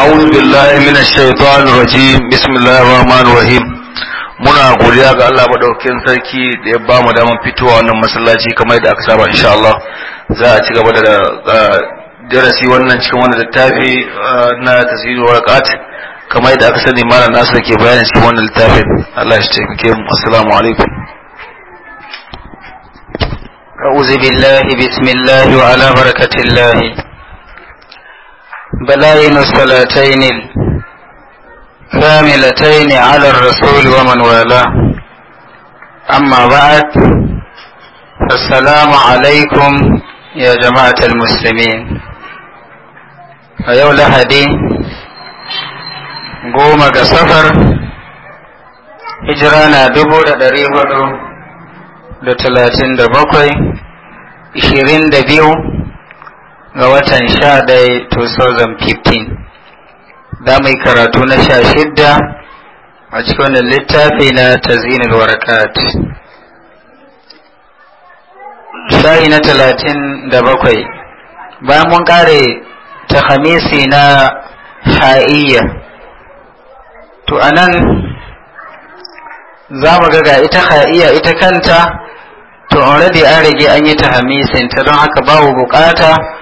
أعوذ بالله من الشيطان الرجيم بسم الله الرحمن الرحيم muna godiya ga Allah madaukakin sarki da ya bamu daman fitowa wannan masallaci kamar yadda aka saba insha Allah za a ci gaba da darasi wannan cikin wannan littafi ah, na tasirin warqat kamar yadda aka sani malam nasu ke bayani cikin wannan littafin Allah ya taimake mu assalamu alaikum أعوذ بالله بسم الله وعلى بركة بلاين الصلاتين الكاملتين على الرسول ومن والاه أما بعد السلام عليكم يا جماعة المسلمين أيو لحدي قوم كسفر هجرانا دبو دريه ودو da دبوكي اشيرين دبيو ga watan sha ɗaya 2015 da mai karatu na sha shidda a cikin wani littafi na ta ga warakat shayi na talatin da bakwai ba mun kare ta hamisi na ha'iyya to anan za mu ga ita ha'iyya ita kanta to an rage an yi ta hamisin ta don haka babu bukata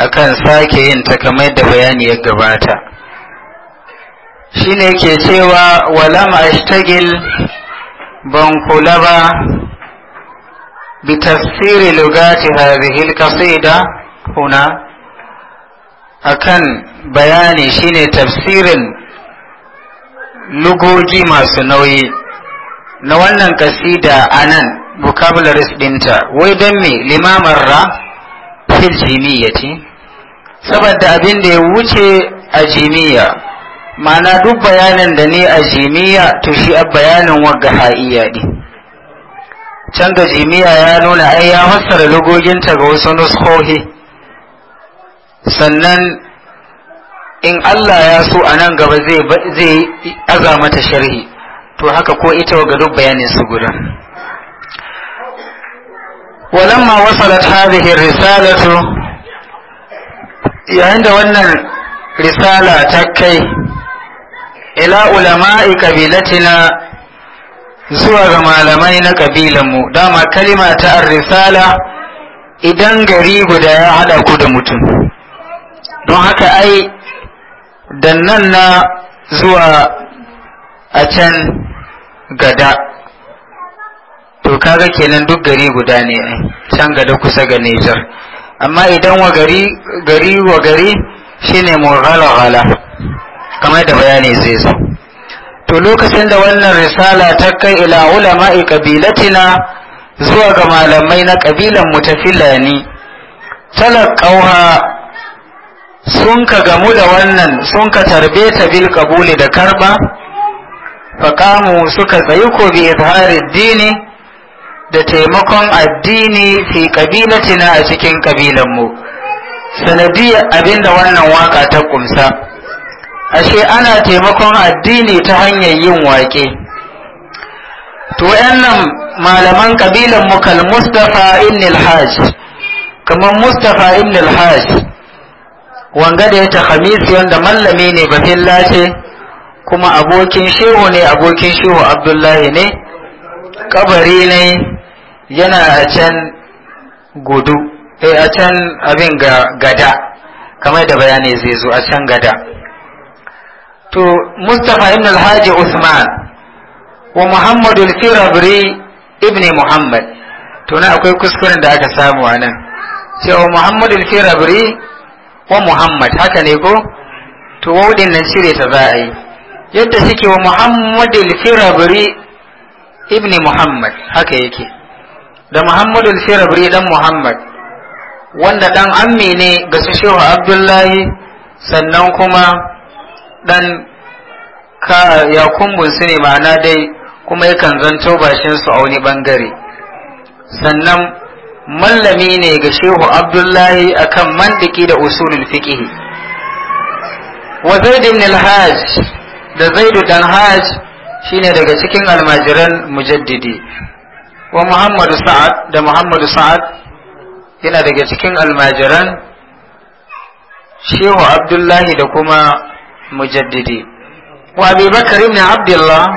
akan sake yin ta kamar da bayani ya gabata shine ke cewa walam ashtagil ban kula ba bi tafsiri lugati hadhihi alqasida huna akan bayani shine tafsirin lugogi masu nauyi na wannan kasida anan vocabularies dinta wai dan me limamar ra fil jimiyyati saboda abin da ya wuce a jimiya ma'ana duk bayanin da ne a jimiya to shi a bayanin wagga ha'iya ne can ga jimiya ya nuna ai ya fassara lugoginta ga wasu nuskohi sannan in Allah ya so a nan gaba zai aza mata sharhi to haka ko ita ga duk bayanin su guda ولما وصلت هذه الرسالة yayin da wannan risala ta kai ila ulama'i kabilatina zuwa ga malamai na kabilanmu dama kalima ta ar-risala idan gari guda ya hada ku da mutum don haka ai nan na zuwa a can gada to kaga kenan duk gari guda ne can gada kusa ga Nijar. amma idan wa gari gari wa gari shine gala kamar da bayani zai zo to lokacin da wannan risala ta kai ila ulama'i kabilatina zuwa ga malamai na kabilan mu ta filani talaqawha sun ka gamu da wannan sun ka tarbe ta bil kabuli da karba faqamu suka tsayi ko bi izharid da taimakon addini fi kabilatina a cikin kabilanmu sanadiyar abinda wannan waka ta kumsa ashe ana taimakon addini ta hanyar yin wake to wayannan malaman kabilan mu kal mustafa ibn al-hajj kamar mustafa ibn al-hajj wanga da ya ta khamisi wanda mallami ne bafilla ce kuma abokin shehu ne abokin shehu abdullahi ne kabari ne yana a can gudu eh a can abin ga gada kamar da bayani zai zo a can gada to Mustapha ibn Alhaji Usman wa Muhammadu al-Firabri ibn Muhammad to na akwai kuskuren da aka samu a nan cewa Muhammadu al-Firabri wa Muhammad haka ne ko to waudin nan shirye ta za a yi yadda suke wa Muhammadu al-Firabri ibni Muhammad haka yake da Muhammadul Sirabri dan Muhammad wanda dan ammi ne ga su Shehu Abdullahi sannan kuma dan ka ya su ne ma'ana dai kuma yakan zanto bashin su a wani bangare sannan mallami ne ga Shehu Abdullahi akan mandiki da usulul fiqh wa Zaid ibn al-Hajj da Zaid dan Hajj shine daga cikin almajiran mujaddidi wa muhammadu sa'ad da muhammadu sa'ad yana daga cikin almajiran shehu abdullahi da kuma mujaddidi wa abubakar ibn abdullah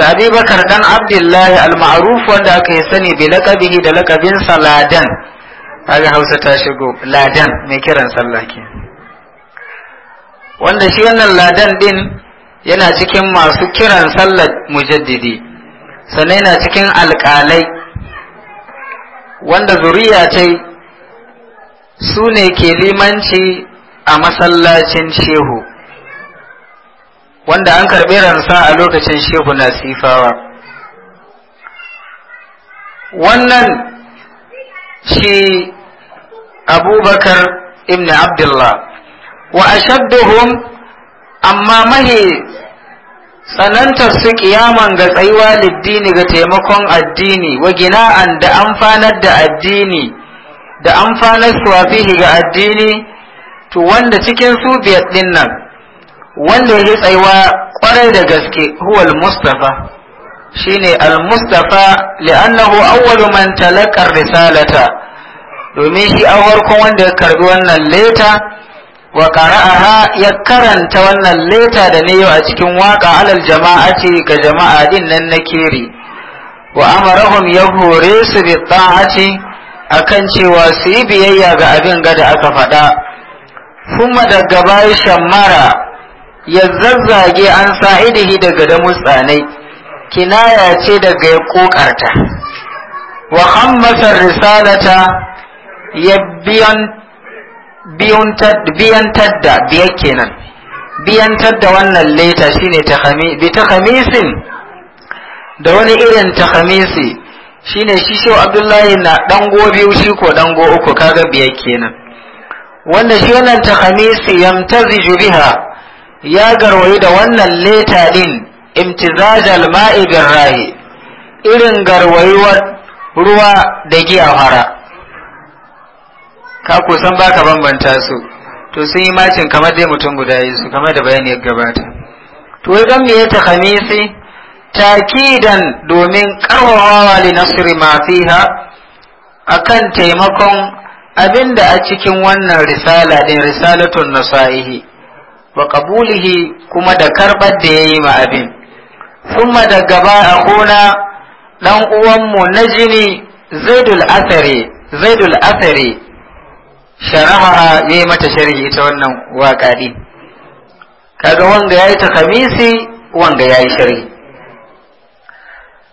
da abubakar dan abdullahi alma'aruf wanda aka yi sani bi laqabihi da laqabinsa ladan kaga hausa ta shigo ladan mai kiran sallah ke wanda shi wannan ladan din yana cikin masu kiran sallar mujaddidi sannan yana cikin alƙalai wanda zuriya ce su ne ke limanci a masallacin shehu wanda an karɓi ransa a lokacin shehu na sifawa wannan shi abubakar ibn abdullah wa ashadduhum amma mahi tsanantar su kiyaman ga tsayuwa liddini ga taimakon addini wa gina'an da amfanar da addini da amfanar wafihi ga addini to wanda cikin su biyar din nan wanda ya tsayuwa kwarai da gaske huwal mustafa shine al-mustafa li'annahu awwalu man talaqa risalata domin shi a farkon wanda ya karbi wannan leta wa qara'aha ya karanta wannan leta da ne a cikin waka alal jama'ati ga jama'a din nan na keri wa amarahum ya hore su bi ta'ati akan cewa su yi biyayya ga abin gada aka faɗa kuma daga bayan shammara ya zazzage an sa'idihi daga da mutsanai kinaya ce daga ya kokarta wa hammasar risalata ya biyan biyantar da biyar kenan biyantar da wannan leta shine bi ta khamisin? da wani irin ta khamisi shine shi shehu abdullahi na dango biyu shi ko go uku kaga biyar kenan wanda shi wannan khamisi yamtazu biha ya garwayi da wannan leta din imtizajal ma'i rai. irin garwayuwar ruwa da giya fara ka ko san baka bambanta su to sun yi macin kamar dai mutum guda yi su kamar da bayani ya gabata to wai don me ta takidan domin karwawa li nasri ma fiha akan taimakon abinda a cikin wannan risala din risalatun nasaihi wa qabulihi kuma da karbar da yayi ma abin kuma da gaba a kona dan uwanmu na jini zaidul asari zaidul asari sharaha ya yi mata sharhi ita wannan waƙa ɗin kaga wanga ya yi ta khamisi wanga ya yi sharhi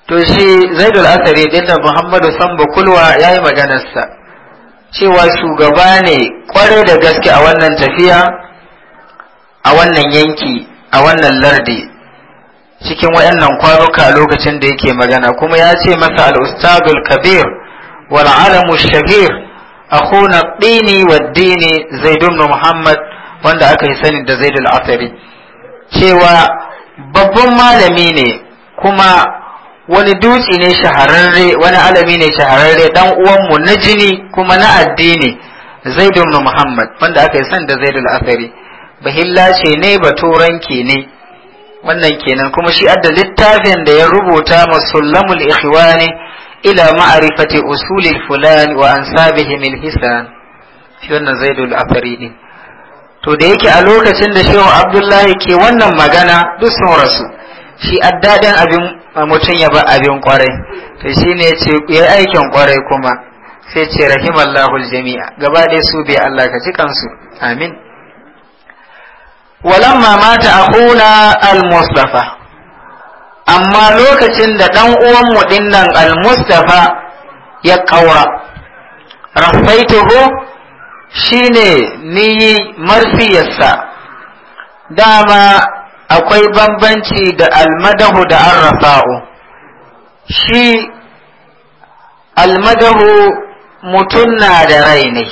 to shi zaidul asari dinda muhammadu sambo kulwa ya yi maganarsa cewa shugaba ne kwarai da gaske a wannan tafiya a wannan yanki a wannan lardi cikin waɗannan kwanuka lokacin da yake magana kuma ya ce masa al-ustadul kabir wal alamu shahir أخونا الديني wa زيد بن محمد muhammad wanda aka yi زيد da zaid cewa babban malami ne kuma wani dutse ne shahararre wani alami ne shahararre dan uwanmu na jini kuma na addini zaid ibn muhammad wanda aka yi sani da zaid al-athari bahilla ce ne turanki ne wannan kenan kuma shi adda littafin da ya rubuta masallamul ikhwani ila ma'arifati usuli Fulani wa ansabihim al-hisan shi wannan zaidul to da yake a lokacin da shehu abdullahi ke wannan magana duk sun rasu shi addadin abin mutum ya ba abin kwarai to shi ne ce ya aikin kwarai kuma sai ce rahimallahul jami'a gaba ɗaya su bai Allah ka ci kansu amin walamma mata akuna al-mustafa amma lokacin da ɗan uwanmu ɗinnan al-mustafa ya ƙaura rafaituhu shine niyi marfiyarsa dama akwai bambanci da almadahu da arrafa'u shi almadahu mutum na da rai ne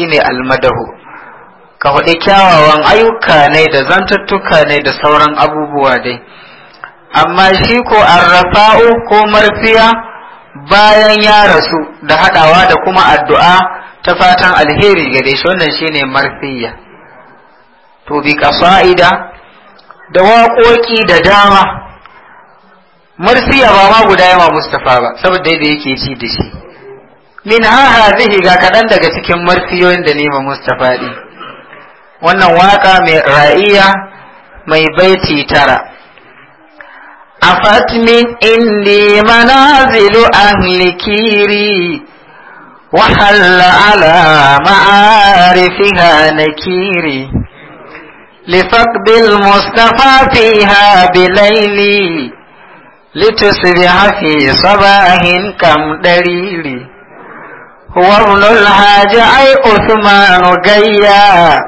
al almadahu ka faɗi kyawawan ayyuka ne da zantattuka ne da sauran abubuwa dai amma shi ko arrafa'u ko marfiya bayan ya rasu da haɗawa da kuma addu'a ta fatan alheri gare shi wannan shine marfiya to bi kasa'ida da waƙoƙi da dama marfiya ba ma guda yawa mustafa ba saboda yadda yake ci da shi min ha hazihi ga kaɗan daga cikin marfiyoyin da nema mustafa ɗi wannan waƙa mai ra'iya mai baiti tara عفت من إني منازل أهل كيري وحل على معارفها نكيري لفقد المصطفى فيها بليلي لتصبح في صباح كم دليلي هو ابن الحاج أي عثمان قيا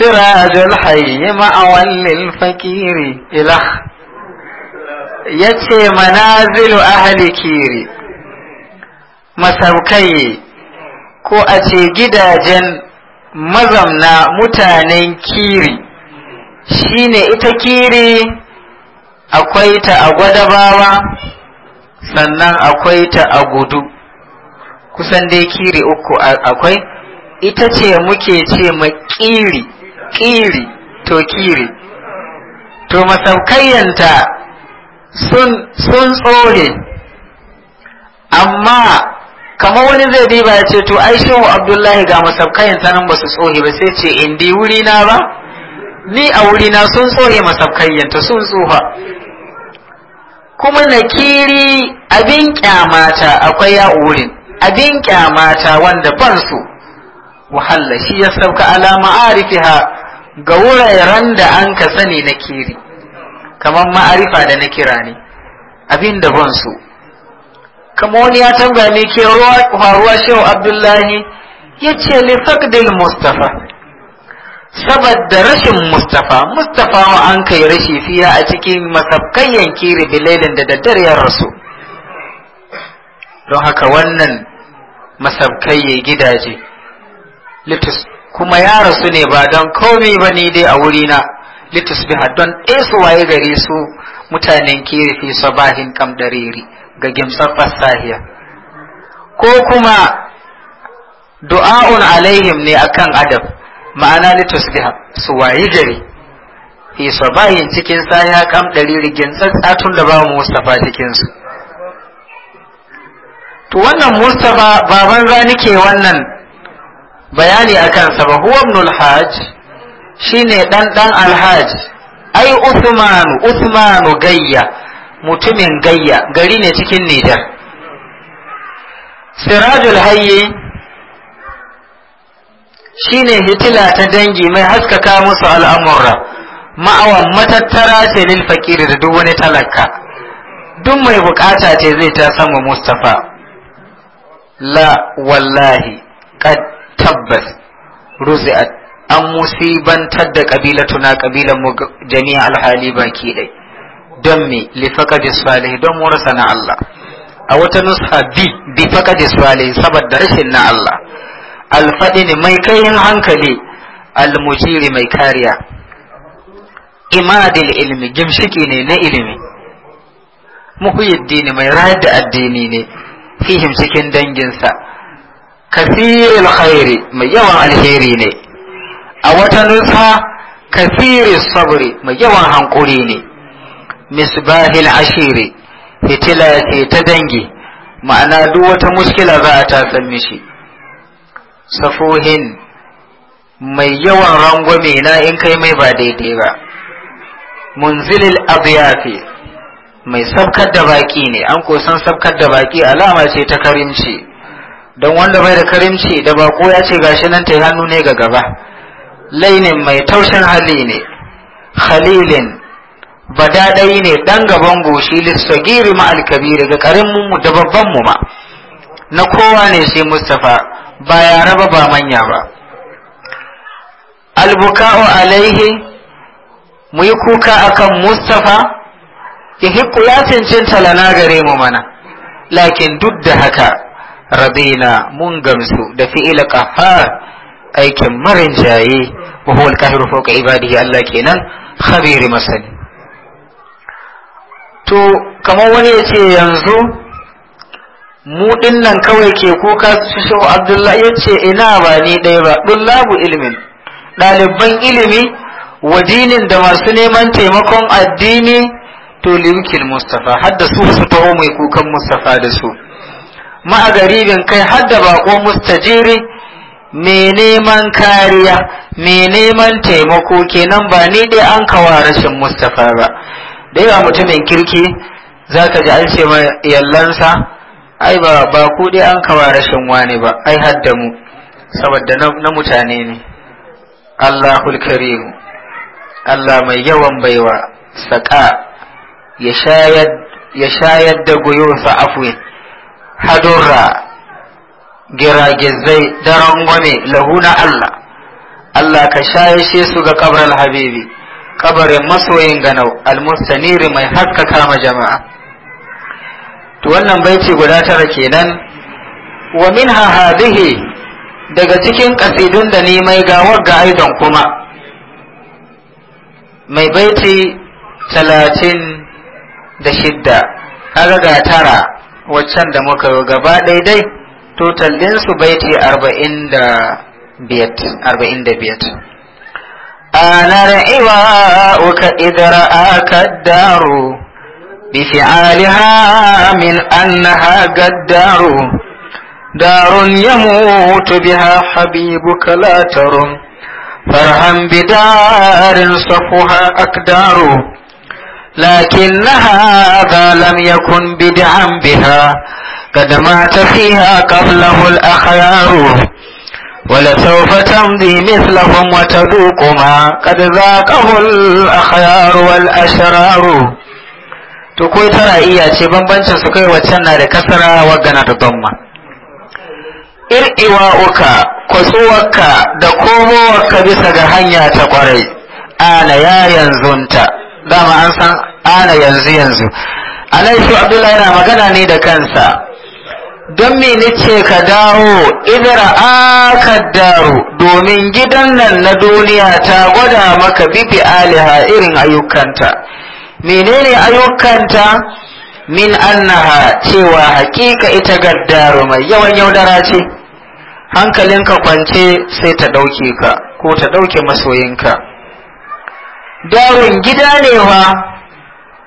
سراج الحي مأوى للفكير إله yace manazilu ahli kiri masaukai ko a ce gidajen mazamna mutanen kiri shine ita kiri akwai ta a gwadabawa sannan akwai ta a gudu kusan dai kiri uku akwai ita ce muke ce ma kiri kiri to kiri to masaukayyanta sun tsore amma kamar wani zai diba ya ce to ai shehu abdullahi ga masabkayin ta nan ba su tsohe ba sai ce in di wuri na ba ni a wuri na sun tsohe masabkayin ta sun tsoha kuma nakiri abin kyamata akwai ya wurin abin kyamata wanda ban su wahalla shi ya sauka alama arifiha ga wuraren da an ka sani nakiri kamar ma'arifa da na kira ne abin da ban su kama wani ya tambaya ne ke faruwa shehu abdullahi ya ce lifakdil mustafa saboda rashin mustafa mustafa wa an kai rashi fiya a cikin masafkayyan kiri bilailin da daddare ya rasu don haka wannan masabkayye gidaje litus kuma ya rasu ne ba don komi ba ni dai a wurina litasbiha don su waye gare su mutanen kiri fi sabahin kamdariri ga gimsar fasahiya ko kuma du'a'un alaihim ne akan adab ma'ana litasbiha su waye gare fi sabahin cikin sahiya kamdariri satun da ba mu mustafa cikin su to wannan mustafa baban za nike wannan bayani akan sa ba huwa ibnul hajj shine dan dan alhaji ai usmanu usmanu gayya mutumin gayya gari ne cikin nijar sirajul hayye shine hitila ta dangi mai haskaka musu al'amura. ma'awan matattara ce lil fakiri da duk wani talaka duk mai bukata ce zai ta sama mustafa la wallahi qad tabbas ruzi'at an musibantar da ƙabilatuna kabilan mu jami'a alhali baki dai don me li faqadi salih don mu rasa na Allah a wata nusha bi bi faqadi salih saboda rashin na Allah ne mai kayin hankali almujiri mai kariya imadil ilmi gimshiki ne na ilimi muhyiddini mai rayar da addini ne fihim cikin danginsa kasirul khairi mai yawan alheri ne a wata nusa kafiri sabri mai yawan hankuri ne misbahil ashiri fitila ce ta dangi ma'ana duk wata muskila za a tasan mishi safuhin mai yawan rangwame na in kai mai ba daidai ba munzilil abiyafi mai sabkar da baki ne an san sabkar da baki alama ce ta karimci don wanda bai da karimci da bako ya ce gashi nan ta hannu ne ga gaba lainin mai taushin hali ne khalilin badadai ne ɗan gaban goshi lissagiri ma alkabiri ga ƙarinmu mu da babban mu ma na kowa ne sai mustafa ba yara ba ba manya ba albuka'u alaihi mu yi kuka akan mustafa ya hiku ya cancanta lana gare mu mana lakin duk da haka rabina mun gamsu da fi'ila kafar aikin marin jaye wa huwa al-qahiru fawqa ibadihi Allah kenan khabiri masani to kamar wani ya ce yanzu mu dinnan kawai ke kuka su shehu abdullahi ya ce ina ba ni ɗaya ba dullabu ilimin ɗaliban ilimi wa dinin da masu neman taimakon addini to limkin mustafa hadda su su taho mai kukan mustafa da su ma'a garibin kai hadda bakon mustajiri Me neman kariya mai neman taimako kenan ba ni dai an kawa rashin Mustapha ba da yawa mutumin kirki za ka ji an ce ma yallansa ai ba ba ku dai an kawa rashin wani ba ai hadda mu saboda na mutane ne Allahul Karim Allah mai yawan baiwa saka ya shayar ya shayar da guyursa hadurra giragizai da rangwame lahu na Allah Allah ka shayashe su ga kabarin habibi kabarin masoyin ganau almustaniri mai haskaka ma jama'a to wannan baiti guda tara kenan wa minha hadhihi daga cikin kasidun da ni mai gawar ga aidan kuma mai baiti talatin da shidda kaga ga tara waccan da muka gaba daidai total din su baiti 45 ana ra'iwa uka idara aka daru bifi min annaha gaddaru darun ya mutu biha habibu kalatarun farhan bidarin safuha akdaru lakin na lam yakun bidan biha قد مات فيها قبله الأخيار ولسوف تمضي مثلهم وتذوق ما قد ذاقه الأخيار والأشرار to ko ita ra'iya ce bambancin su kai waccan na da kasara wagana da domma ir'iwa uka kwatsuwarka da komowarka bisa ga hanya ta kwarai ana ya yanzunta dama an san ana yanzu yanzu alaisu abdullahi yana magana ne da kansa don me ce ka dawo idra aka daro domin gidan nan na duniya ta gwada maka bibi aliha irin ayyukanta menene ayyukanta min annaha cewa hakika ita gaddaro mai yawan yaudara ce hankalinka kwance sai ta ɗauke ka ko ta ɗauke masoyinka Darin gida ne wa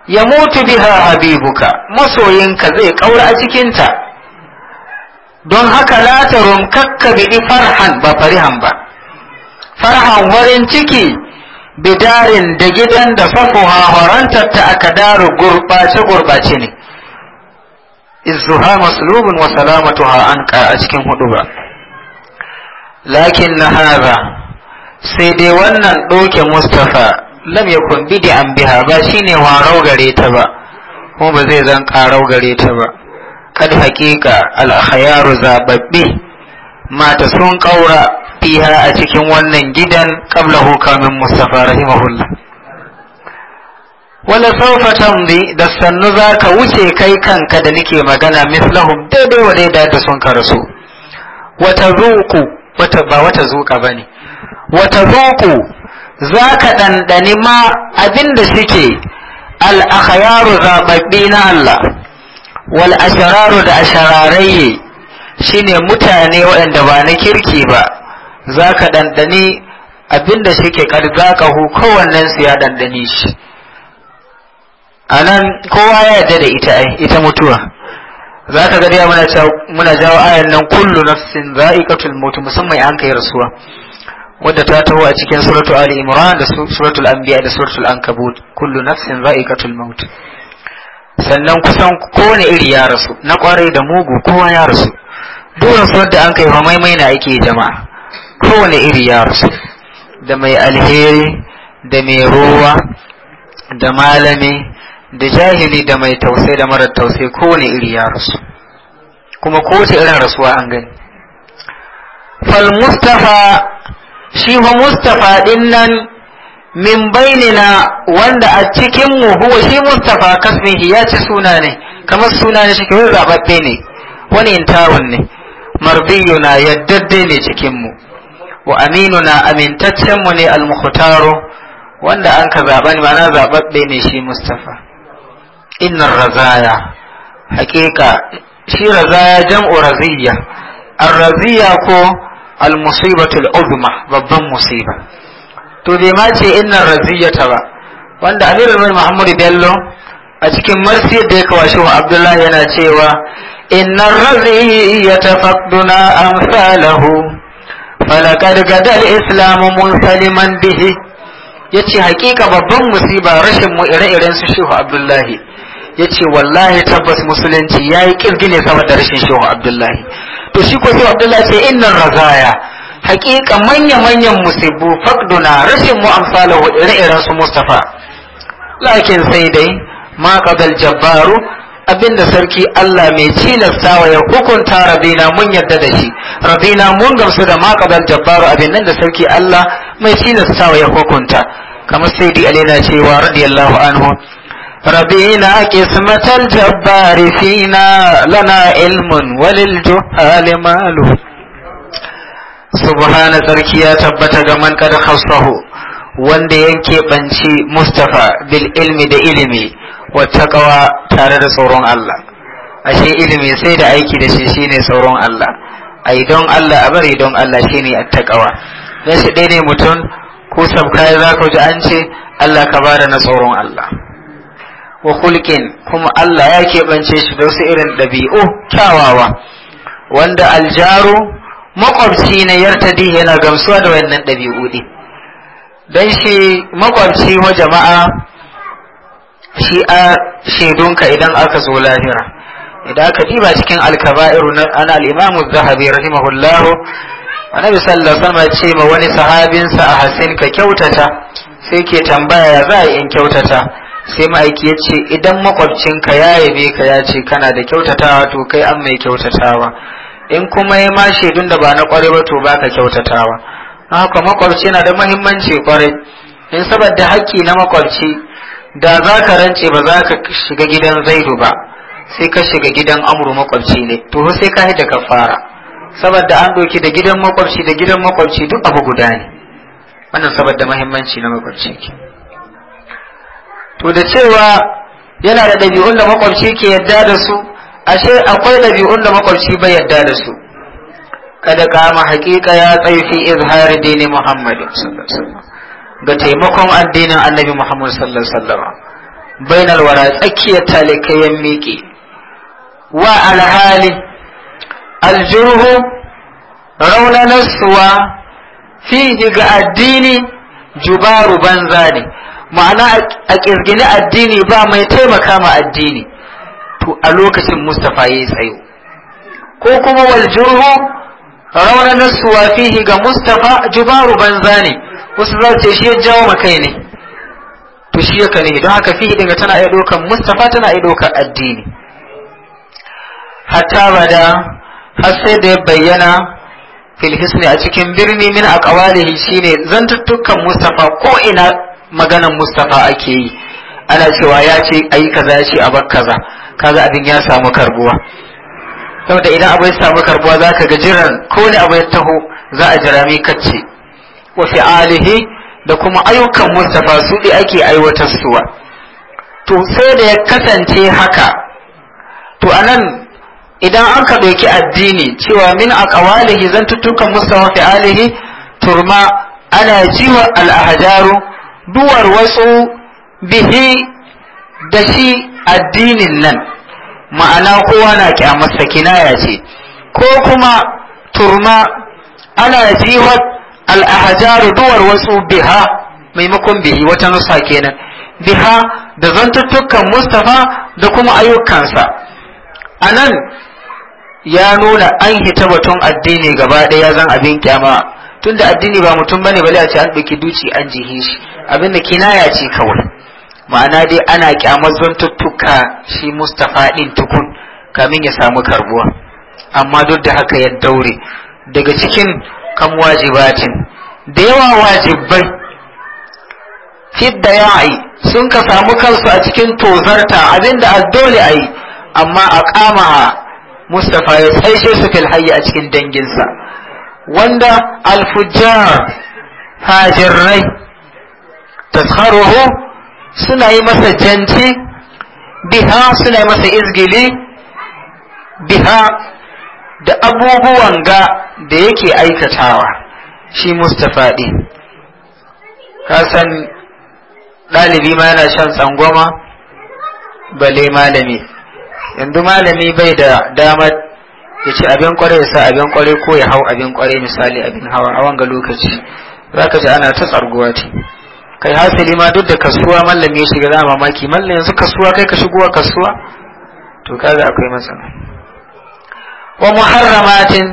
ya mutu biha habibuka masoyinka zai ƙaura a cikinta don haka la rum kakka biɗi farhan ba farihan ba farhan wurin ciki bidarin da gidan da safuha horantar ta aka daru gurɓace gurɓace ne izuha maslubun wa Salamatu ha an a cikin hudu ba lakin na haza sai dai wannan ɗauke mustafa lam kun bidi an biha ba shine warau gare ta ba kuma ba zai zan ƙarau gare ta ba kad haƙiƙa alkhayaru zababbe mata sun ƙaura fiha a cikin wannan gidan qablahu hukamin mustafa rahimahullah wala saufa tamdi da sannu za ka wuce kai kanka da nike magana mislahum daidai wa daidai da sun karasu wata zuku wata ba wata zuka bane wata zuku za ka ɗanɗani ma abin da suke al'akhayaru zababbi na Allah wal ashararu da ashararayye shine mutane waɗanda ba na kirki ba za ka ɗanɗani abinda suke ƙarga ƙahu kowannensu ya dandani shi a nan kowa ya yarda da ita ai ita mutuwa za ka ga muna muna jawo ayan nan kullu nafsin za'iqatul mautu musamman an kai rasuwa wadda ta taho a cikin suratul ali imran da suratul anbiya da suratul ankabut kullu nafsin za'iqatul mautu. sannan kusan kowane iri ya rasu na kwarai da mugu kowa ya rasu duk su da an kai ma maimai na ake jama'a kowane iri ya rasu da mai alheri da mai ruwa da malami da jahili da mai tausai da marar tausai kowane iri ya rasu kuma kowace irin rasuwa an gani fal mustafa shi ma mustafa din nan min bainina wanda a cikinmu mu huwa shi mustafa kasmihi ya ci suna ne kamar suna ne shi kawai zababbe ne wani intawun ne marbiyuna yaddadde ne cikinmu wa aminuna amintaccen mu ne almukhtaru wanda an ka zaba ne ma'ana zababbe ne shi mustafa innar razaya hakika shi razaya jam'u raziya ar-raziya ko al-musibatul uzma babban musiba to bai ma ce innan raziyata ba wanda amirul bin muhammad bello a cikin marsi da ya kawashi wa abdullahi yana cewa ina raziyata faqduna amsalahu falakad gadal islamu munsaliman bihi yace hakika babban musiba rashin mu ire-iren su shehu abdullahi yace wallahi tabbas musulunci yayi kirgine saboda saboda rashin shehu abdullahi to shi ko sai abdullahi ce innan razaya hakika manya-manyan musibu fakduna rashin mu wa ire-iren su mustafa lakin sai dai ma kadal jabbaru abinda sarki Allah mai cilastawa ya hukunta rabina mun yadda da shi rabina mun gamsu da makabar jabbaru abin nan da sarki Allah mai cilastawa ya hukunta kamar sai di alina cewa radiyallahu anhu ربينا قسمة الجبار فينا لنا علم وللجهال ماله subhana tsarki ya tabbata ga man kada khassahu wanda yanke banci mustafa bil ilmi da ilimi wata taqwa tare da tsoron Allah ashe ilimi sai da aiki da shi shine tsoron Allah ai don Allah a bari don Allah shine attaqwa dan shi ɗaya ne mutum ko sabkai zaka ji an ce Allah ka bada na tsoron Allah wa kulkin kuma Allah ya keɓance shi da wasu irin ɗabi'u kyawawa wanda aljaru makwabci na yarta yartadi yana gamsuwa da wannan ɗabi'u ɗin don shi makwabci wa jama'a shi a shaidunka idan aka zo lahira idan aka ɗiba cikin alkaba'iru na an al'imamu zahabi rahimahullahu annabi sallallahu alaihi ce ma wani sahabinsa a hasin ka kyautata sai ke tambaya ya za a in kyautata sai ma'aiki ya ce idan makwabcinka ya yabe ka ya ce kana da kyautatawa to kai an mai kyautatawa in kuma ya ma shaidun da ba na kwarai ba to baka kyautatawa haka makwabci yana da muhimmanci kwarai in saboda haƙƙi na makwabci da za ka rance ba za ka shiga gidan zaidu ba sai ka shiga gidan amuru makwabci ne to sai ka hidda ka fara saboda an doki da gidan makwabci da gidan makwabci duk abu guda ne wannan saboda muhimmanci na makwabci to da cewa yana da ɗabi'un da makwabci ke yadda da su ashe akwai ɗabi'un da makwabci bai yarda da su kada kama hakika ya tsaye fi izhari dini Muhammad ga taimakon addinin annabi Muhammad sallallahu alaihi Bainar wara tsakiyar talikayen miƙe wa alhali aljurhu raunanasuwa fihi ga addini jubaru banza ne ma'ana a ƙirgini addini ba mai taimaka ma addini to a lokacin Mustapha ya yi tsayo ko kuma wal jurhu raunanin wa fihi ga Mustapha jubaru banza ne wasu za ce shi ya jawo makai ne to shi ya kane don haka fihi daga tana iya ɗaukar Mustapha tana iya ɗaukar addini hatta bada har sai da ya bayyana fil hisni a cikin birni min a kawalihi shine zantuttukan Mustapha ko ina maganan mustafa ake yi ana cewa ya ce ayi kaza ya ce a bar kaza kaga abin ya samu karbuwa saboda idan abu ya samu karbuwa za ka ga jiran ko ne abu ya taho za a jira mi kacce wa alihi da kuma ayyukan Mustafa su ɗi ake aiwatar suwa to sai da ya kasance haka to anan idan an ka ɗauki addini cewa min a ƙawalihi zan tuttukan Mustafa fi alihi turma ana jiwa al'ahajaru duwar wasu bihi da shi addinin nan ma'ana kowa na kyamarsa kinaya ce ko kuma turma ana jihar al'ahajar duwar wasu biha maimakon bihi wata nusa kenan biha da zantuttukan mustafa da kuma ayyukansa a nan ya nuna an hita batun addini gaba ɗaya zan abin kyama tunda addini ba mutum bane bale a ce an ɗauki duci an jihi shi abinda kinaya ce kawai ma'ana dai ana kyamar zantuttuka shi mustafa ɗin tukun kamin ya samu karbuwa amma duk da haka ya daure daga cikin kam wajibatin da yawa wajibai fidda ya'i sun ka samu kansu a cikin tozarta abinda a dole a yi amma a kama mustafa ya tsaishe su fil hayya a cikin danginsa wanda alfujjar fajirrai tasharuhu suna yi masa janci biha suna yi masa izgili biha da abubuwan ga da yake aikatawa shi mustapha ɗin kasan ɗalibi ma yana shan tsangwama bale malami yanzu malami bai da damar ya ce abin kwarai ya sa abin kwarai ko ya hau abin kwarai misali abin hawa a wanga lokaci za ka ji ana ta tsarguwa ce kai hasali ma duk da kasuwa mallam ya shiga zama mamaki mallam yanzu kasuwa kai ka shigowa kasuwa to kaga akwai matsala wa muharramatin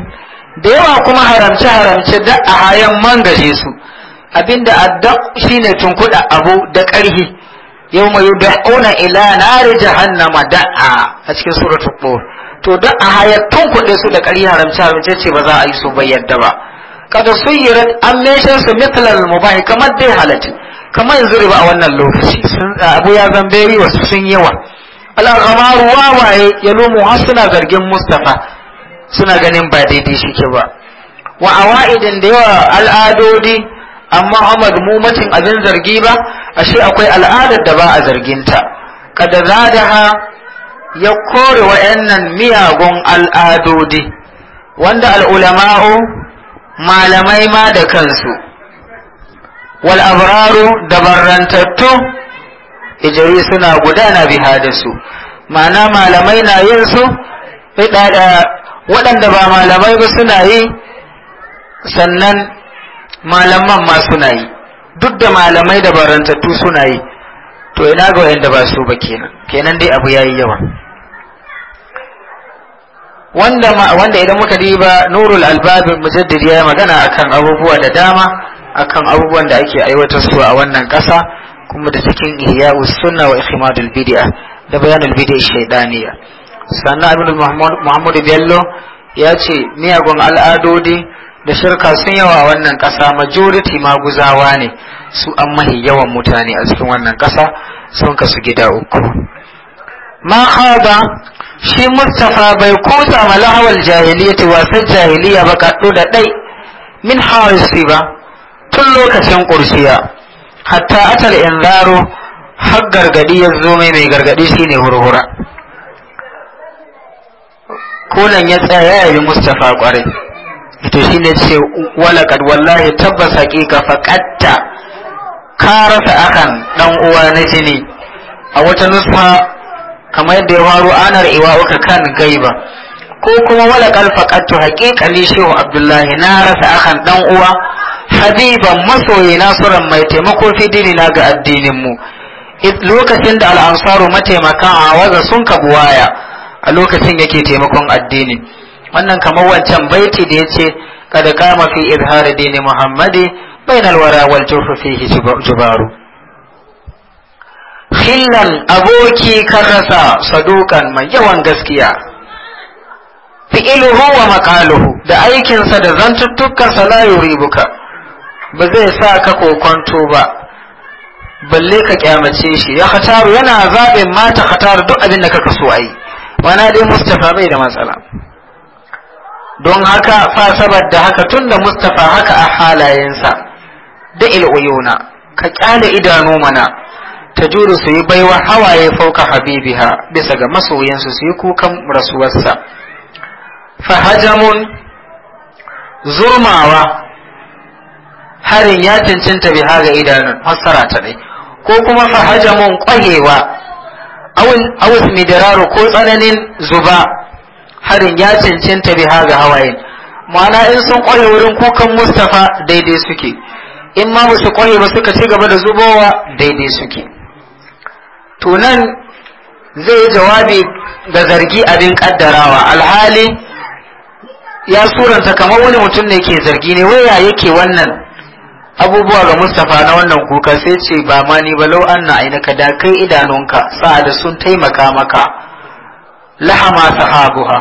da yawa kuma haramce haramce da a hayan mangaje su abinda adda shine tunkuda abu da ƙarhi yau mai da'una ila nari jahannama da'a a cikin suratul qur to da a hayattun tunkuɗe su da ƙari haramci haramci ce ba za a yi su bai yadda ba kada suyirat an meshe su mithlal mubahi kamar dai halatin kamar yanzu riba a wannan lokaci sun abu ya yi wasu sun yawa al'amaru wawaye ya lomo har suna zargin mustafa suna ganin ba daidai shi ke ba wa awa'idin da yawa al'adodi amma mu mutum abin zargi ba ashe akwai al'adar da ba a zarginta kada za da ha ya kore wa'annan miyagun al'adodi wanda al'ulama'u malamai ma da kansu wal abraru da barrantattu ijiri suna gudana biha da su ma'ana malamai na yin su waɗanda ba malamai ba suna yi sannan malaman ma suna yi duk da malamai da barantattu suna yi to ina ga da ba su ba kenan kenan dai abu yayi yawa wanda ma wanda idan muka diba nurul albab mujaddid ya magana akan abubuwa da dama akan abubuwan da ake aiwatar su a wannan kasa kuma da cikin ihya sunna wa ikhmadul bid'a da bayanul bid'a shaydaniya sannan abin muhammad bello ya ce miyagun al'adodi da shirka sun yawa a wannan kasa majority ma guzawa ne su an mahi yawan mutane a cikin wannan ƙasa sun kasu gida uku ma haɗa shi mustapha bai kusa malahawar jahiliya ta wasan jahiliya ba kaɗo da ɗai min su ba tun lokacin ƙurciya hatta atal laro, har gargadi ya zo mai mai gargadi shine hurhura kunan ya tsaya ya yi mustafa kwarai ito shi ne ce walakad wallahi tabbas haƙiƙa faƙatta ka rasa akan ɗan uwa na jini a wata nusa kamar yadda ya faru anar uka kan gaiba ko kuma walakad faƙattu haƙiƙa ni shehu abdullahi na rasa akan ɗan uwa habiban masoyi suran mai taimako fi na ga addininmu lokacin da al'ansaru mataimaka a waza sun waya a lokacin yake taimakon addini wannan kamar wancan baiti da ya ce kada kama fi izhari dini muhammadi na alwara wal jufu fihi jubaru Hillan aboki rasa sadukan mai yawan gaskiya fi'iluhu wa makaluhu da aikinsa da zantuttukansa la buka ba zai sa ka kokonto ba balle ka kyamace shi ya khataru yana zaɓin mata khataru duk abin da kaka so ayi wana dai mustafa bai da matsala don haka fa sabar da haka da mustafa haka a halayensa da il'uyuna ka kyale idanu mana ta juru su yi baiwa hawaye fauka habibiha bisa ga masoyansu su yi kukan rasuwarsa fahajamun zurmawa harin ya cancanta bi haga idanun fassara ta dai ko kuma fa hajamun kwayewa awus midiraru ko tsananin zuba harin ya cancanta bi haga hawayen ma'ana in sun kwaye wurin kukan mustafa daidai suke in ma ba su kwaye ba suka ci gaba da zubowa daidai suke to nan zai jawabi ga zargi abin kaddarawa alhali ya suranta kamar wani mutum ne ke zargi ne waya yake wannan abubuwa ga Mustapha na wannan kuka sai ce ba ma ni ba lau an na ka da kai idanunka sa'ada sun taimaka maka lahama sahabuha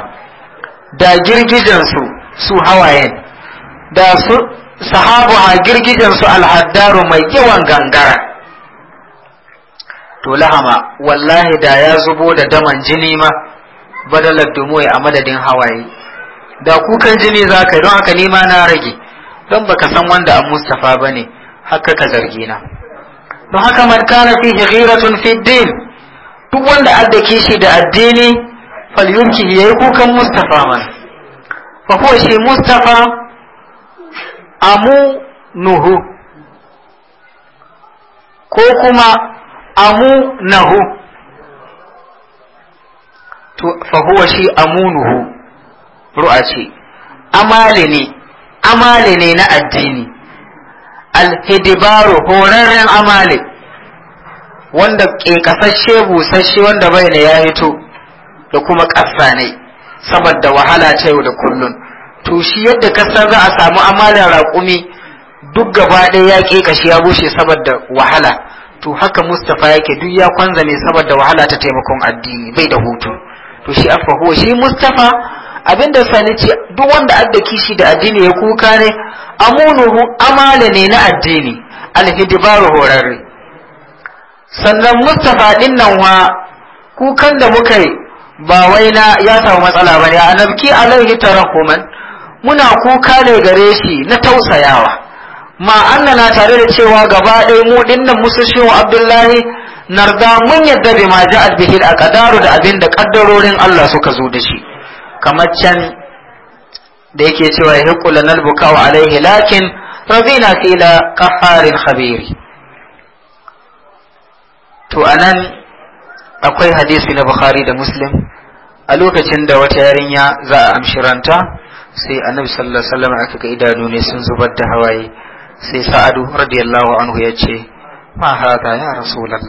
da girgijen su su hawayen da su sahabuha girgijan su alhaddaru mai yawan gangara to lahama wallahi da ya zubo da daman jini ma badalar dumuwa a madadin hawaye da kukan jini za ka don haka nima na rage don baka san wanda an mustafa ba ne haka ka zargi na don haka man kana fi ghiratun fi din duk wanda addake kishi da addini falyunki yayi kukan mustafa man fa ko shi mustafa amu nuhu ko kuma amu nahu to fa huwa shi amunuhu ru'a ce amali ne amale ne na addini alhidibaru horarren amale wanda ke kasashe busasshe wanda bai ne ya hito da kuma ƙasa ne saboda wahala ta yau da kullun to shi yadda ka za a samu amalan raƙumi duk gaba ɗaya ya ƙeƙashi ya bushe saboda wahala to haka mustafa yake duk ya kwanza ne saboda wahala ta taimakon addini bai da hutu to shi afa shi mustafa abinda sani ce duk wanda adda kishi da addini ya kuka ne amunuhu amala ne na addini alhidibaru horarre sannan mustafa din nan wa kukan da muka yi ba wai na ya samu matsala bane a nabki alaihi tarahuman muna kuka ne gare shi na tausayawa ma annana tare da cewa gaba ɗaya mu dinnan musu abdullahi narda mun yadda bi ma ja'at bihi al qadaru da abinda da kaddarorin Allah suka zo da shi kamar can da yake cewa ya hukula na bukau alaihi lakin razina kila kafarin khabiri to anan akwai hadisi na bukhari da muslim a lokacin da wata yarinya za a amshiranta sai annabi sallallahu alaihi wasallam aka ga idanu ne sun zubar da hawaye sai sa'adu radiyallahu anhu ya ce ma haka ya rasulullah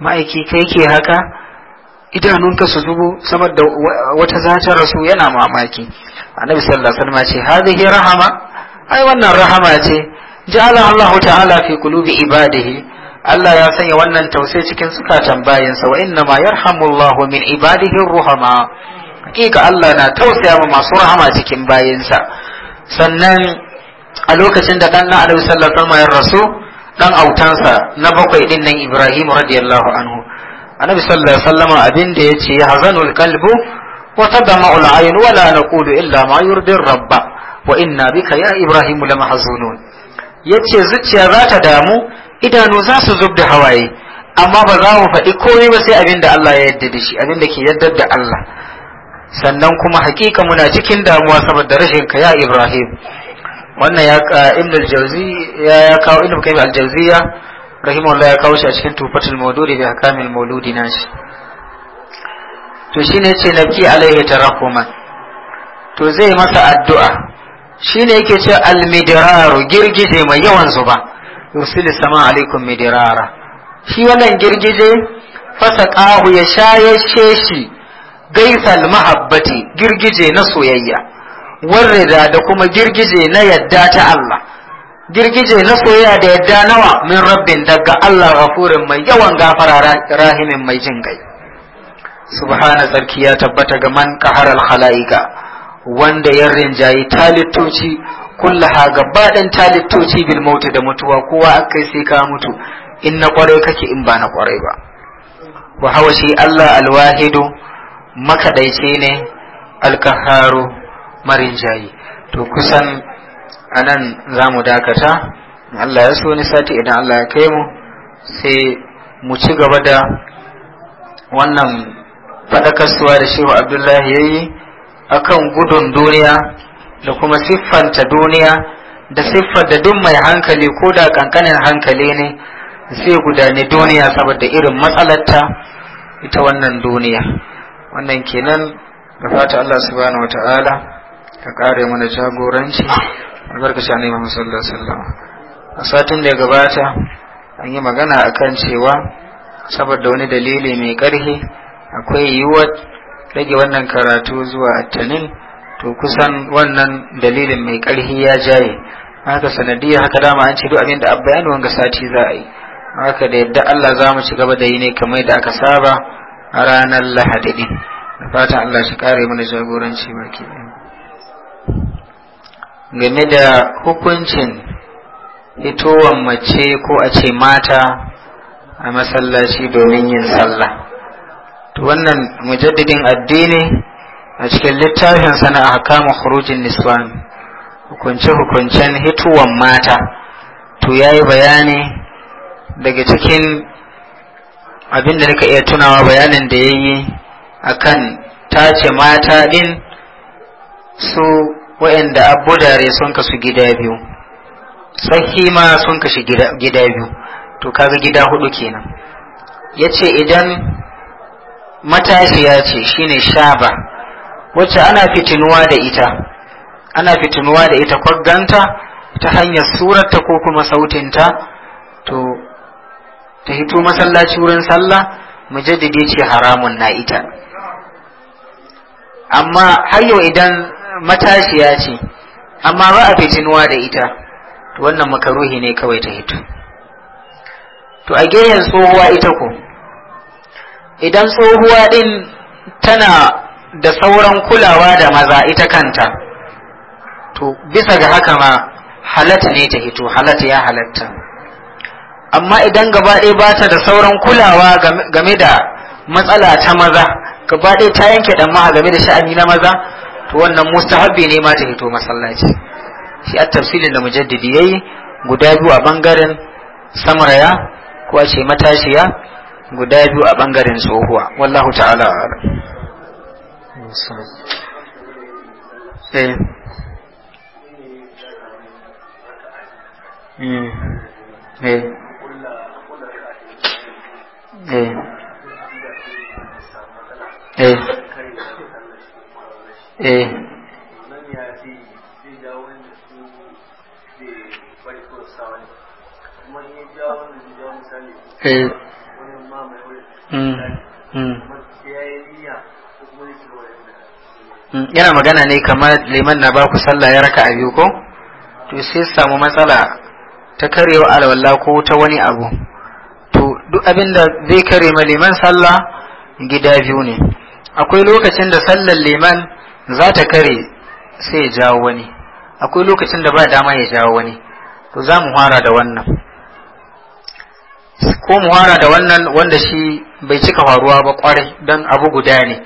ma'aiki kai ke haka idanunka su zubo samar da wata zata rasu yana mamaki annabi sallallahu alaihi wasallam ce hadhihi rahama ai wannan rahama ce ja'ala Allah ta'ala fi qulubi ibadihi Allah ya sanya wannan tausayi cikin zukatan bayinsa wa inna ma Allah min ibadihi ruhama hakika Allah na tausaya ma masu rahama cikin bayinsa sannan a lokacin da dan Annabi sallallahu alaihi wasallam ya rasu dan autansa na bakwai din nan Ibrahim radiyallahu anhu annabi sallallahu alaihi wasallam abin da yace hazanul kalbu wa tadma'ul ayn wa la naqulu illa ma yurdi rabba wa inna bika ya ibrahim lamahzunun yace zuciya za ta damu idanu za su zubda hawaye amma ba za mu faɗi komai ba sai abin da Allah ya yadda da shi abin da ke yarda da Allah sannan kuma hakika muna cikin damuwa saboda rashin ka ya ibrahim wannan ya ibn al-jawzi ya kawo ibn al-jawziya rahimahullah ya kawo shi a cikin tufatul maududi bi hakamil mauludi nashi to shine yace nabki alaihi tarahuma to zai masa addu'a shine yake ce almidiraru girgije mai yawan zuba yursilu sama alaikum midirara shi wannan girgije fasa ƙahu ya shayashe shi gaisal mahabbati girgije na soyayya warrida da kuma girgije na yadda ta Allah girgije na soyayya da yadda nawa min rabbin daga Allah gafurin mai yawan gafara rahimin mai jin kai. subhana sarki ya tabbata ga man kahar al khalaika wanda ya rinjayi talittoci kullaha gabaɗin talittoci bil mauti da mutuwa kowa akai sai ka mutu in na kwarai kake in ba na kwarai ba wa hawa shi Allah alwahidu makadaice ne alkaharu marinjayi to kusan a nan za mu dakata Allah ya so ni sati idan Allah ya kai mu sai mu ci gaba da wannan faɗakarsuwa da shehu abdullahi ya yi akan gudun duniya da kuma siffanta duniya da siffar da duk mai hankali ko da kankanin hankali ne zai gudane duniya saboda irin matsalarta ita wannan duniya wannan kenan da fata Allah subhanahu wata'ala ka kare mana jagoranci albarkaci sallallahu alaihi wasallam a satin da gabata an yi magana akan cewa saboda wani dalili mai karhi akwai yiwuwa rage wannan karatu zuwa attanin to kusan wannan dalilin mai karhi ya jaye haka sanadiyar haka dama an ce duk abin da abbayanu wanga sati za a yi haka da yadda Allah za mu ci gaba da yi ne kamar da aka saba a ranar lahadi da fatan Allah shi kare mana jagoranci baki ɗaya game da hukuncin hitowar mace ko a ce mata a masallaci domin yin sallah to wannan mujaddidin addini a cikin littafin sana a kama khurujin niswan hukunce-hukuncen hitowar mata to ya yi bayani daga cikin abin da nika iya tunawa bayanin da ya yi a kan tace mata din su wa'anda abudare sun kasu gida biyu sahi ma sun kashi gida biyu to kaga gida hudu kenan yace idan matashiya ce shine shaba wacce ana fitinuwa da ita ana fitinuwa da ita kwagganta ta hanyar surarta ko kuma sautinta to ta hito masallaci wurin sallah mujaddidi ce haramun na ita amma har yau idan matashiya ce amma ba a fitinuwa da ita to wannan makaruhi ne kawai ta hito to a gehen tsohuwa ita ko idan tsohuwa din tana da sauran kulawa da maza ita kanta to bisa ga haka ma halatta ne ta hito halatta ya halatta amma idan gaba ɗaya ba ta da sauran kulawa game da matsala ta maza gaba ɗaya ta yanke ɗan maha game da sha'ani na maza to wannan mustahabbi ne ma ta hito masallaci shi a tafsirin da mujaddidi yayi guda biyu a bangaren samaraya ko a ce matashiya guda biyu a bangaren tsohuwa wallahu ta'ala eh. Hmm. eh Eh. Eh. Eh. Eh. Eh. Mm. Mm. Mm. yana magana ne kamar liman na baku sallah ya raka a biyu ko to sai samu matsala ta karewa alwala ko ta wani abu to duk abin da zai kare ma liman sallah gida biyu ne akwai lokacin da sallar liman za ta kare sai ya jawo wani akwai lokacin da ba dama ya jawo wani to za mu hara da wannan ko mu hara da wannan wanda shi bai cika faruwa ba kwarai don abu guda ne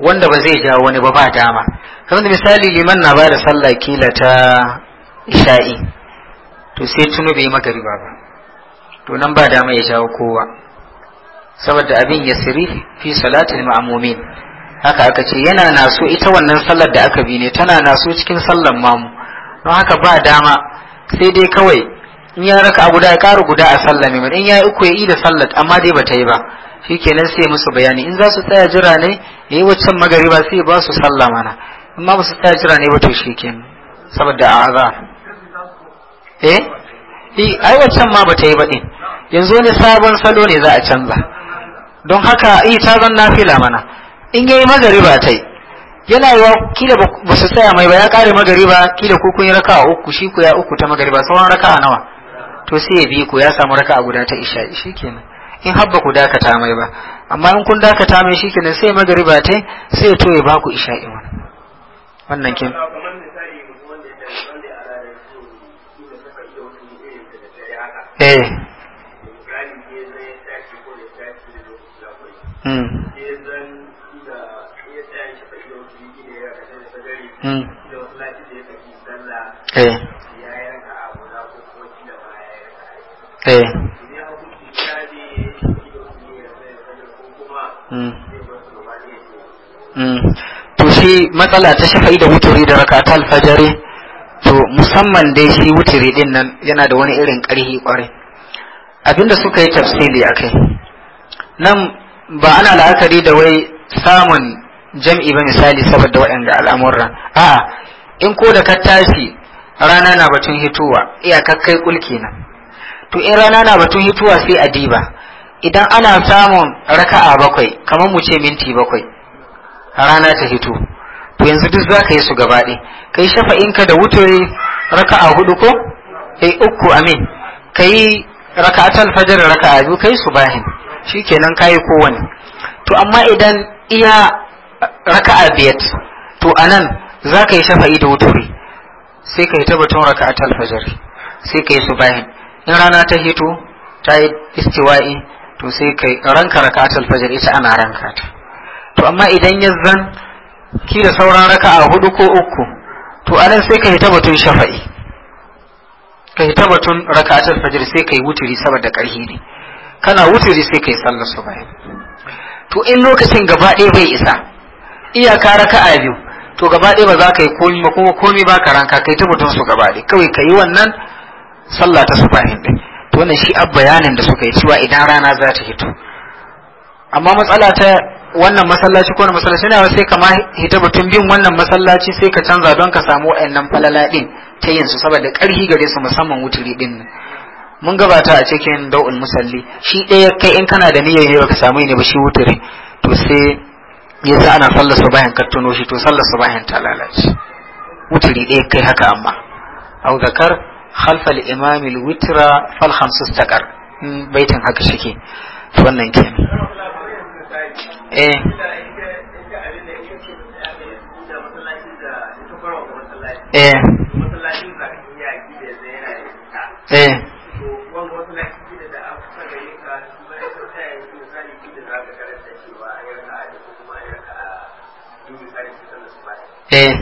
wanda ba zai jawo wani ba ba dama kamar da misali liman na ba da sallah kila ta isha'i to sai tuno bai magariba ba to nan ba dama ya jawo kowa saboda abin ya siri fi salatin ma'amumin haka aka ce yana naso ita wannan sallar da aka bi ne tana naso cikin sallar mamu don haka ba dama sai dai kawai in ya raka guda ya ƙara guda a sallar ne in ya yi uku ya yi da sallar amma dai bata yi ba shi kenan sai musu bayani in za su tsaya jira ne ya yi waccan magariba sai ba su sallah mana amma ba su tsaya jira ne ba to shi kenan saboda a aza eh? eh ai waccan ma bata yi ba din yanzu wani sabon salo ne za a canza don haka yi eh, ta zan nafila mana in yayi magariba tai yana yiwa kila ba su tsaya mai ba ya kare magariba kila ku kun yi raka uku shi ku ya uku ta magariba sauran raka nawa to sai ya bi ku ya samu raka guda ta isha'i kenan in habba ku dakata mai ba amma in kun dakata mai shi kenan sai magariba tai sai ya toye ba ku isha'i wannan kin eh Hmm. Eh. Eh. Eh. Hmm. Hmm. to shi matsala ta shafa'i da wuturi da rakata alfajari to musamman dai shi wuturi din nan yana da wani irin ƙarhi ƙwarai abinda suka yi tafsiri akai nan ba ana la'akari da wai samun jam'i ba misali saboda waɗanda al'amuran a'a in ko da ka tashi rana na batun hituwa iyakar kai kulki na to in rana na batun hituwa sai a diba idan ana samun raka'a bakwai kamar mu ce minti bakwai rana ta hito to yanzu duk za ka yi su gaba ka kai shafa'inka da wutar raka'a hudu ko kai uku amin kai raka'atul fajr raka'a biyu kai subahin shikenan kai kowane to amma idan iya raka'a biyat to anan za ka yi shafa'i da wuturi sai ka yi batun raka'a ta alfajar sai ka yi su bayan in rana ta hito ta yi istiwa'i to sai ka ranka raka'a ta alfajar ita ana ranka ta to amma idan ya zan ki da sauran raka'a hudu ko uku to anan sai ka yi batun shafa'i ka yi batun raka'a ta alfajar sai ka yi wuturi saboda ƙarhi ne kana wuturi sai ka yi sallar su bayan to in lokacin gaba ɗaya bai isa iyaka raka'a biyu to gaba ɗaya ba za ka yi komi ba kuma komi ba ka ranka kai ta mutum su gaba ɗaya kawai ka yi wannan sallah ta subahin ɗin to wannan shi a bayanin da suka yi cewa idan rana za ta hito amma matsala ta wannan masallaci ko masallaci na sai ka kama hita batun bin wannan masallaci sai ka canza don ka samu wayannan falala ɗin ta yin su saboda ƙarfi gare su musamman wuturi ɗin mun gabata a cikin da'ul musalli shi ɗaya kai in kana da niyyar ne ka samu ne ba shi wuturi to sai yasa ana sallar subahin ka tuno shi to sallar subahin ta lalace wuturi ɗaya kai haka amma au zakar khalfa al-imam al-witra fal khamsu istaqar hmm, baitin haka shike wannan kenan eh eh eh eh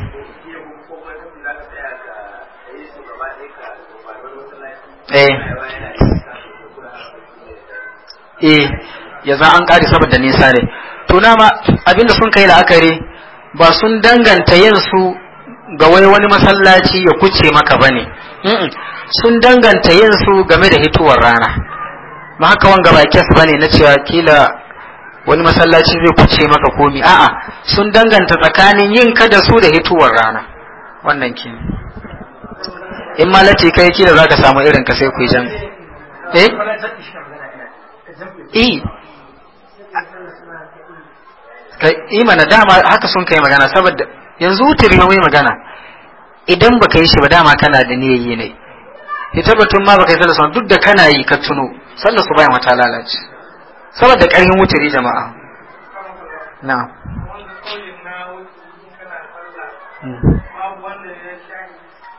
eh, eh. ya za an kare saboda nisa ne to nama abinda sun kai la'akari ba sun danganta yin ga wai wani masallaci ya kuce maka bane sun danganta yin game da hituwar rana ma haka wanga ba kes bane na cewa kila wani masallaci zai kuce maka komi a'a sun danganta tsakanin yin ka da su da hituwar rana wannan ke in ma lati kai da zaka samu irin ka sai ku jan eh eh kai imana dama haka sun kai magana saboda yanzu wutar mai magana idan baka yi shi ba dama kana da niyyayi ne ita batun ma baka yi sallah duk da kana yi ka tuno sallah su bayan wata lalace saboda ƙarfin ne jama'a na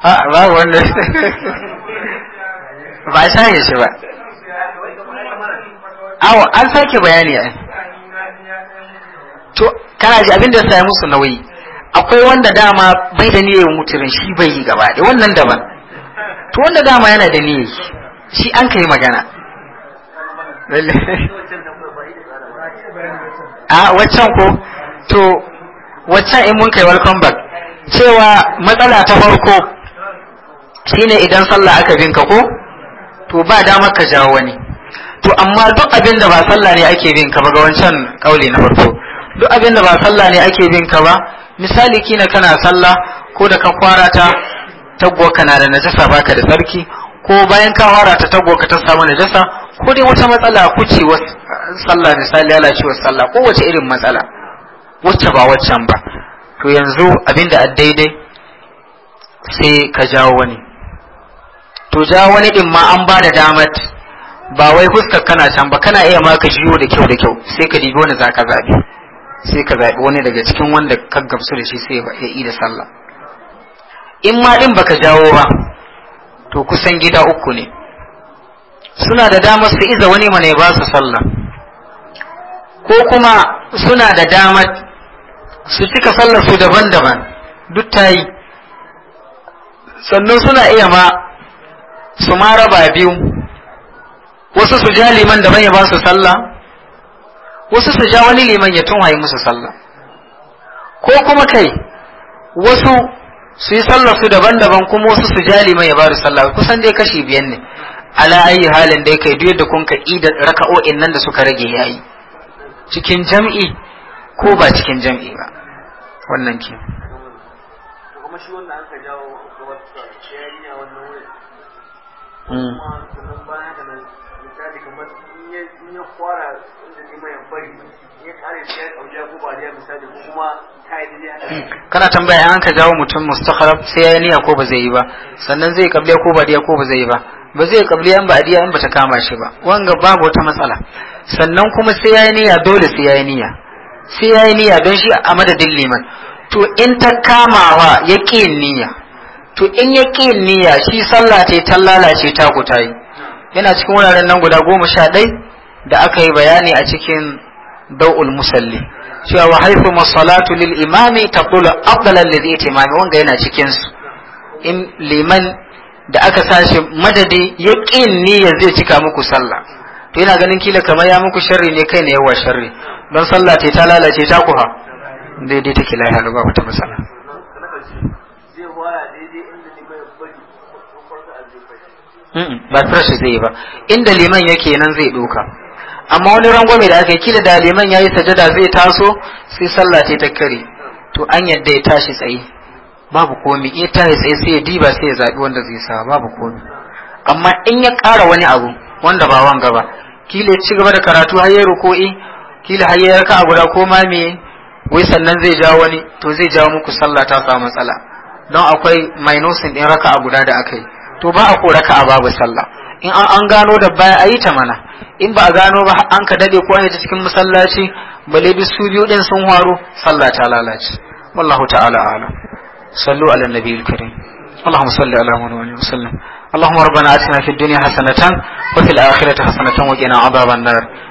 a ah, babu wanda ba shahe shi ba awa an sake bayani a to kana ji abinda ya musu nauyi akwai wanda dama bai da niyyar mutumin shi bai yi gaba da wannan daban to wanda dama yana da niyyar shi an kai magana a ah, waccan ko to waccan in mun kai welcome back cewa matsala ta farko shine idan sallah aka binka ko to ba damar ka jawo wani to amma duk abin da ba sallah ne ake binka ba ga wancan kauli na farko duk abin da ba sallah ne ake binka ba misali kina kana sallah ko da ka kwara ta tagwa kana da najasa baka da sarki ko bayan ka fara ta tago ka ta samu najasa ko dai wata matsala kuce wa sallah misali lalacewar sallah ko wace irin matsala wacce ba waccan ba to yanzu abinda a daidai sai ka jawo wani to jawo wani din ma an ba da damat ba wai fuskar kana can ba kana iya ma ka jiyo da kyau da kyau sai ka dibi wani zaka zabi sai ka zabi wani daga cikin wanda ka gamsu da shi sai ya yi da sallah in ma din baka jawo ba to kusan gida uku ne suna da damar su iza wani mana ya ba su sallah ko kuma suna da damar su cika sallar su daban-daban duk ta yi sannan suna iya ma su ma raba biyu wasu su ja liman daban ya ba su sallah wasu su ja wani liman ya tunhaye musu sallah ko kuma kai wasu su yi sallar su daban-daban kuma wasu su jali mai ya ba sallah kusan dai kashi biyan ne ala ayi halin dai kai duk da kun ka ida raka'o'in nan da suka rage yayi cikin jam'i ko ba cikin jam'i ba wannan ke kuma shi wanda aka jawo yayi yarinya wannan wurin hmm. kuma sannan bayan da nan misali kamar in ya in ya kwara inda ne mai bari ya kare shi ya kauja ko ba da misali kuma kana tambaya an ka jawo mutum mustakharab sai yayi niyya ko ba zai yi ba sannan zai kabliya ko ba ko ba zai yi ba ba zai kabliya an ba adiya an ba ta kama shi ba wanga babu wata matsala sannan kuma sai yayi niyya dole sai yayi niyya sai yayi niyya don shi a madadin liman to in ta kamawa ya ƙi niyya to in ya ƙi niyya shi sallah ta ta lalace ta ku ta yi yana cikin wuraren nan guda goma sha ɗai da aka yi bayani a cikin dau'ul musalli cewa wa haifu masalatu lil imami taqulu afdalan zai itimami wanga yana cikin su in liman da aka sashi madadi ya ƙin yanzu zai cika muku sallah to yana ganin kila kamar ya muku sharri ne kai ne yawa sharri don sallah ce ta lalace ta kuwa daidai take lafiya halu ba wata matsala ba fresh zai ba inda liman yake nan zai doka amma wani rangwame da aka yi kila da liman yayi sajada zai taso sai sallah ta kare to an yadda ya tashi tsaye babu komi in ya tashi tsaye sai ya diba sai ya zabi wanda zai sa babu komi amma in ya ƙara wani abu wanda ba wanga ba kila ya ci gaba da karatu har yayi ruku'i kila har yayi raka'a guda ko ma me wai sannan zai jawo wani to zai jawo muku sallah ta samu matsala don akwai minusin din raka'a guda da aka yi to ba a ko raka'a babu sallah in an gano da baya a yi ta mana in ba a gano ba an ka dade ko an yi cikin masallaci bale bi su biyu din sun haro sallah ta lalace wallahu ta'ala ala sallu ala nabiyil karim اللهم صل على محمد وسلم اللهم ربنا اتنا في الدنيا حسنه وفي الاخره حسنه وقنا عذاب النار